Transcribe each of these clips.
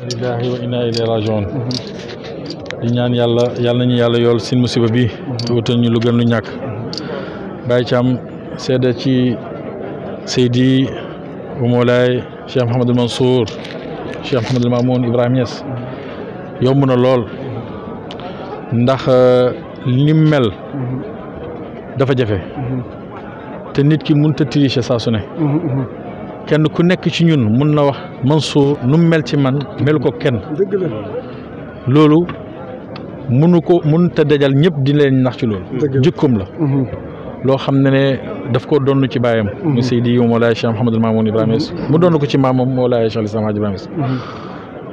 lillahi wa inna ilayhi rajiun di ñaan yàlla yàlla nañu yàlla yool si musiba bi te ñu lu gën lu ñàkk Baye Thiam seede ci Seydi Moulay Cheikh Mouhamadul Mansour Cheikh Mouhamadul Mamoun Ibrahima Niass yomb na lool ndax ni euh, mel dafa jafe mhm. te nit ki mënut a tricher saa kenn ku nekk ci ñun mun na wax Mansour nu mel ci man mel ko kenn loolu munu ko mënut a dajal ñëpp di leen nax ci loolu jikkoom la mhm. loo xam ne ne daf ko doon ci baayam mhm. mu Seydi Mawlaay Cheikh Mouhamadul Mamoun Ibrahima mhm. mu doon ko ci maamam Mawlaay Cheikh Islam Hadj Ibrahima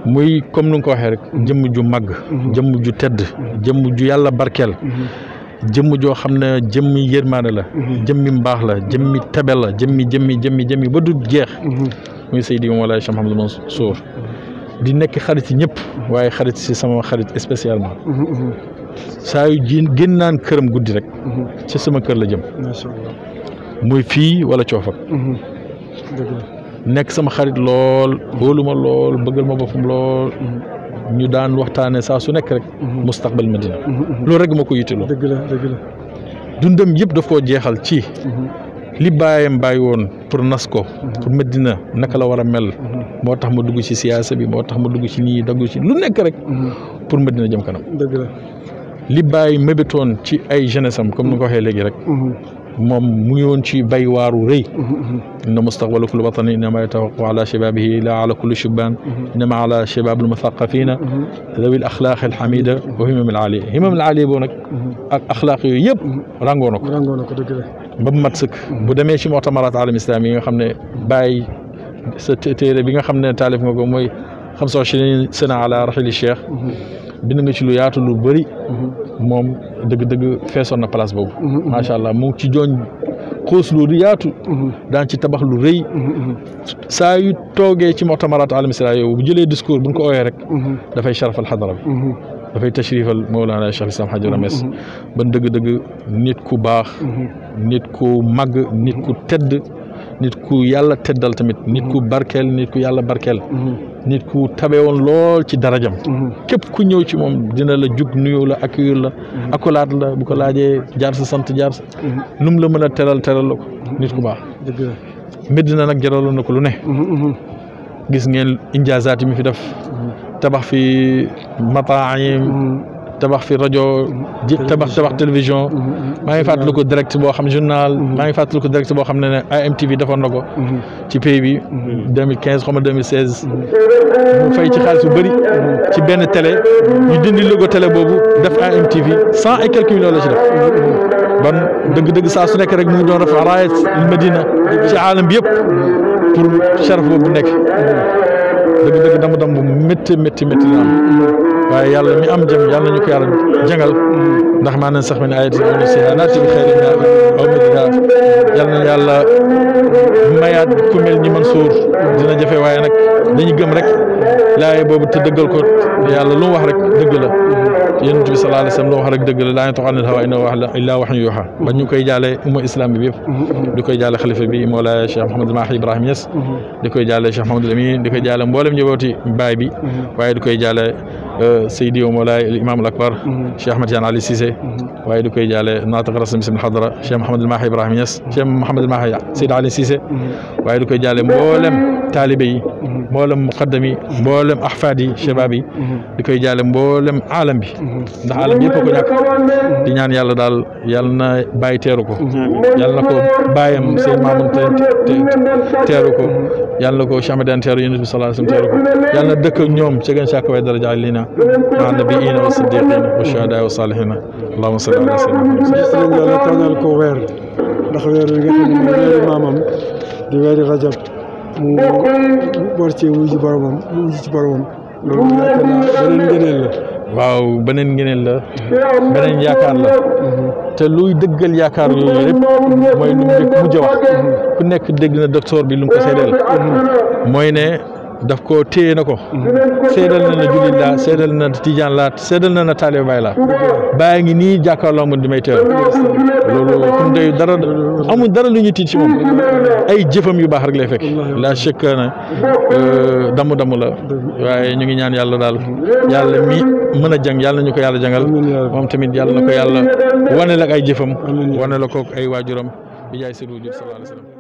muy comme nu nga ko waxee rek jëmm ju màgg jëmm ju tedd jëmm ju yàlla barkeel jëm jo xamne jëm yermane la jëm mi yërmaane la jëm mi mbaax la jëm mi jëm mi jëm mi jëm mi ba du jeex muy Seydi wala Cheikh Mouhamadou Mansour di nek xarit si ñëpp waaye xarit ci sama xarit spécialement saa yu ji génn naan guddi rek ci sama kër la jëm muy fi wala ciofak nek sama xarit lool boluma lool bëggal ma bofum lool ñu daan waxtaane saa su nekk rek mhm. mustaqbal madina mhm, mhm, loolu rek moo ko yittiloo dëgg la dëgg la dundam yëpp daf koo jeexal ci li bàyyam bàyyi woon pour nas ko pour madina naka la war a mel moo tax ma dugg ci siyaasa bi moo tax ma dugg ci nii dagg ci lu nekk rek pour madina jëm kanam dëgg la li bàyyi mébétoon ci ay jeunesse am comme ni ko waxee léegi rek ميون شي بيوار وري ان مستقبل كل وطن انما يتوقع على شبابه لا على كل شبان انما على شباب المثقفين ذوي الاخلاق الحميده وهمم العالي همم العالي بونك اخلاقي يب رانغونك رانغونك بما تسك بودامي شي مؤتمرات عالم اسلامي خمنا باي تيري بيغا خمنا تالف مكو موي 25 سنه على رحيل الشيخ بنغي شي لو ياتو لو moom dëgg-dëgg feesoon na place boobu. Mm-hmm, mm-hmm. macha allah mu ci jooñ xuus lu yaatu. Mm-hmm. daan ci tabax lu rëy. saa yu toogee ci moctamarat al yow bu jëlee discours bu ñu ko ooyee rek. dafay sharafal xadara bi. dafay tashrifal Mawlana Cheikh Islam Hadj Rames. ban dëgg-dëgg nit ku baax. nit ku màgg nit ku tedd nit ku yàlla teddal tamit. nit ku barkeel nit ku yàlla barkeel. nit ku tabe woon lool ci darajam. Mhm. képp ku ñëw ci moom dina la jug nuyoo la accueil la. Mhm. accolade la bu ko laajee jaar sa sant jaar sa. Mhm. nu mu la mën a teral teral la ko. nit ku baax. dëgg la nag jaraloon na ko lu ne. gis ngeen injaazaat mi fi def. tabax fi mataayim تبخ في الراديو تبخ تبخ تلفزيون ما يفات لكو ديريكت بو خم جورنال ما يفات لكو ديريكت بو خم اي ام تي في دافون نكو تي بي بي 2015 خم 2016 مو فاي تي خالص بري تي بن تيلي ني ديندي لوغو تيلي بوبو داف اي ام تي في 100 اي كالكول لا سي داف بان دغ دغ سا سو نيك ريك مو دون رفعرايت المدينه في عالم بيب بور شرف بو نيك دغ دغ دام métti métti métti dina am waaye yàlla mi am jëm yàlla ñu ko yàlla jàngal ndax maa nañ sax mi ne ayati ñu si naati bi xëyri mi aw medina yàlla na yàlla mayaat ku mel ni Mansour dina jafe waaye nag dañu gëm rek laaye boobu te dëggal ko yàlla lu mu wax rek dëgg la yonent bi sallallahu alayhi wasallam lu mu wax rek dëgg la laa yantiqu anil hawaa in huwa illaa wahyun yuuhaa ba ñu koy jaale umma islam bi yëpp di koy jaale xalifa bi Mawlaana Cheikh Mouhamadul Mahi Ibrahima Niass di koy jaale Cheikh Mouhamadul Amin di koy jaale mboolem njabooti baay bi waaye di koy jaale Seydi Mawlaay Imaam al Akbar Cheikh Ahmed Tidiane Ali Cissé waaye di koy jaale naatiq rasmi bismil hadra Cheikh Mouhamadul Mahi Ibrahima Niass Cheikh Mouhamadul Mahi Seydi Ali Cissé waaye di koy jaale mboolem taalibe yi mboolem muqaddam yi mboolem ahfaad yi shabaab yi di koy jaale mboolem aalam bi ndax aalam bi yëpp a ko ñàkk di ñaan yàlla daal yàlla na bàyyi teeru ko yàlla na ko bàyyam sëñ Maamun teeru ko yàlla na ko Cheikh Ahmad teeru Yunus bi sallallahu alayhi wasallam teeru ko yàlla na dëkk ñoom ci gën sàkk waay daraja lina maa nabiyina wa siddiqina wa shuhada wa salihina allahumma salli ala sayyidina yàlla tànnal ko weer ndax weer wi nga xam ne weeri maamam di weeri rajab war cee wuyu ji boromam wuyu ci boromam loolu yaakaar naa beneen ngëneel la. waaw beneen ngëneel la beneen yaakaar la te luy dëggal yaakaar yooyu yëpp mooy lu mu njëkk mujj a wax ku nekk dégg na docteur bi lu mu ko seedeel mooy ne. daf ko téye na ko seedal na na jullit laa seedal na na tijaan laa seedal na na taalibe Baay laa Baay ngi nii jàkkaarloo man di may teew loolu kon day dara amul ñu tiit ci ay jëfam yu baax rek lay fekk la chèque na euh, damu damu la waaye ñu ngi ñaan yàlla daal yàlla mi mën a jàng yàlla na ñu ko yàlla jàngal moom tamit yàlla na ko yàlla wane la ay jëfam wane la ko ay waajuram bi jaay sëriñ sallallahu alayhi wa sallam